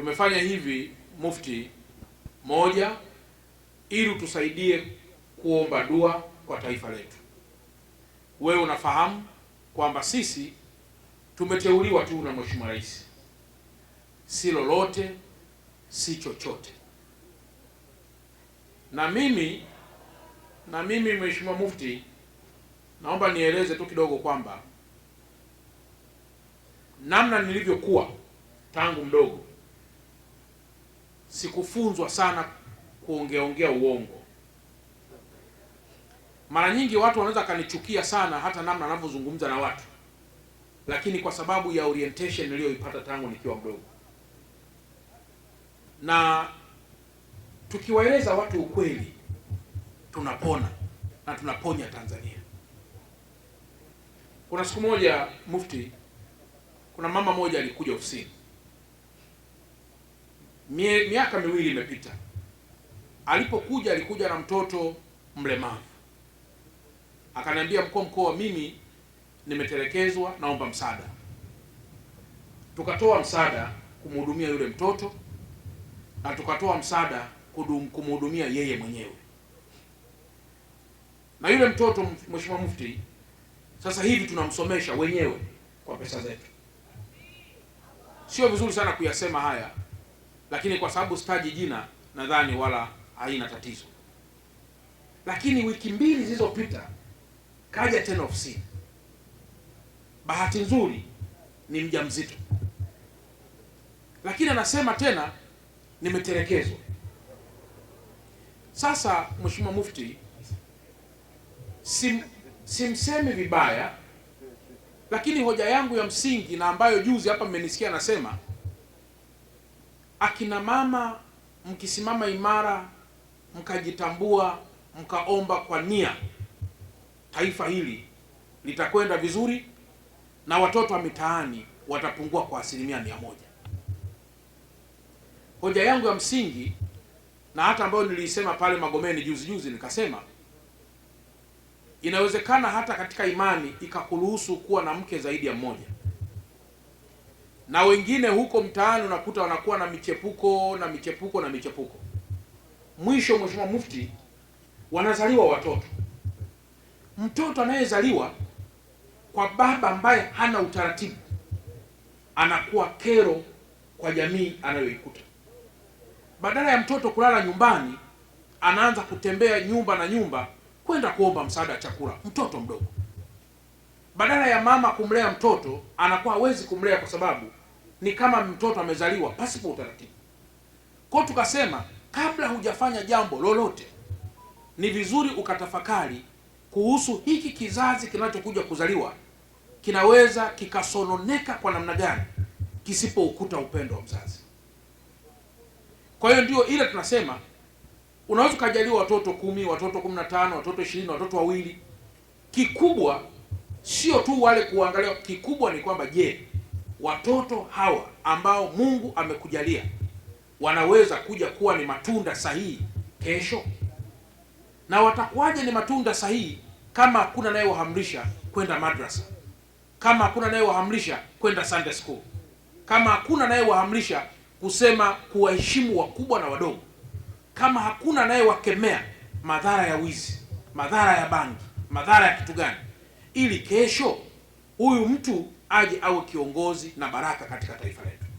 Tumefanya hivi Mufti, moja, ili utusaidie kuomba dua kwa taifa letu. Wewe unafahamu kwamba sisi tumeteuliwa tu na Mheshimiwa Rais, si lolote si chochote. Na mimi na mimi Mheshimiwa Mufti, naomba nieleze tu kidogo kwamba namna nilivyokuwa tangu mdogo sikufunzwa sana kuongeongea uongo. Mara nyingi watu wanaweza kanichukia sana hata namna anavyozungumza na watu, lakini kwa sababu ya orientation niliyoipata tangu nikiwa mdogo, na tukiwaeleza watu ukweli tunapona na tunaponya Tanzania. Kuna siku moja Mufti, kuna mama moja alikuja ofisini mie, miaka miwili imepita. Alipokuja alikuja na mtoto mlemavu, akaniambia mkuu mkoa, mimi nimetelekezwa, naomba msaada. Tukatoa msaada kumhudumia yule mtoto na tukatoa msaada kumhudumia yeye mwenyewe na yule mtoto. Mheshimiwa Mufti, sasa hivi tunamsomesha wenyewe kwa pesa zetu. Sio vizuri sana kuyasema haya, lakini kwa sababu sitaji jina, nadhani wala haina tatizo. Lakini wiki mbili zilizopita kaja tena ofisini, bahati nzuri ni mjamzito, lakini anasema tena nimetelekezwa. Sasa mweshimua Mufti, sim simsemi vibaya, lakini hoja yangu ya msingi na ambayo juzi hapa mmenisikia anasema akina mama mkisimama imara, mkajitambua, mkaomba kwa nia, taifa hili litakwenda vizuri na watoto wa mitaani watapungua kwa asilimia mia moja. Hoja yangu ya msingi na hata ambayo niliisema pale Magomeni juzi juzi, nikasema inawezekana hata katika imani ikakuruhusu kuwa na mke zaidi ya mmoja na wengine huko mtaani unakuta wanakuwa na michepuko na michepuko na michepuko. Mwisho Mheshimiwa Mufti, wanazaliwa watoto. Mtoto anayezaliwa kwa baba ambaye hana utaratibu anakuwa kero kwa jamii anayoikuta. Badala ya mtoto kulala nyumbani, anaanza kutembea nyumba na nyumba kwenda kuomba msaada wa chakula, mtoto mdogo. Badala ya mama kumlea mtoto, anakuwa hawezi kumlea kwa sababu ni kama mtoto amezaliwa pasipo utaratibu. Kwa tukasema kabla hujafanya jambo lolote, ni vizuri ukatafakari kuhusu hiki kizazi kinachokuja kuzaliwa, kinaweza kikasononeka kwa namna gani kisipoukuta upendo wa mzazi. Kwa hiyo ndio ile tunasema unaweza ukajaliwa watoto kumi, watoto kumi na tano, watoto ishirini, watoto wawili. Kikubwa sio tu wale kuangalia, kikubwa ni kwamba je, watoto hawa ambao Mungu amekujalia wanaweza kuja kuwa ni matunda sahihi kesho? Na watakuwaje ni matunda sahihi kama hakuna anayewahamrisha kwenda madrasa, kama hakuna anayewahamrisha kwenda Sunday school, kama hakuna anayewahamrisha kusema kuwaheshimu wakubwa na wadogo, kama hakuna anayewakemea madhara ya wizi, madhara ya bangi, madhara ya kitu gani, ili kesho huyu mtu aje awe kiongozi na baraka katika taifa letu.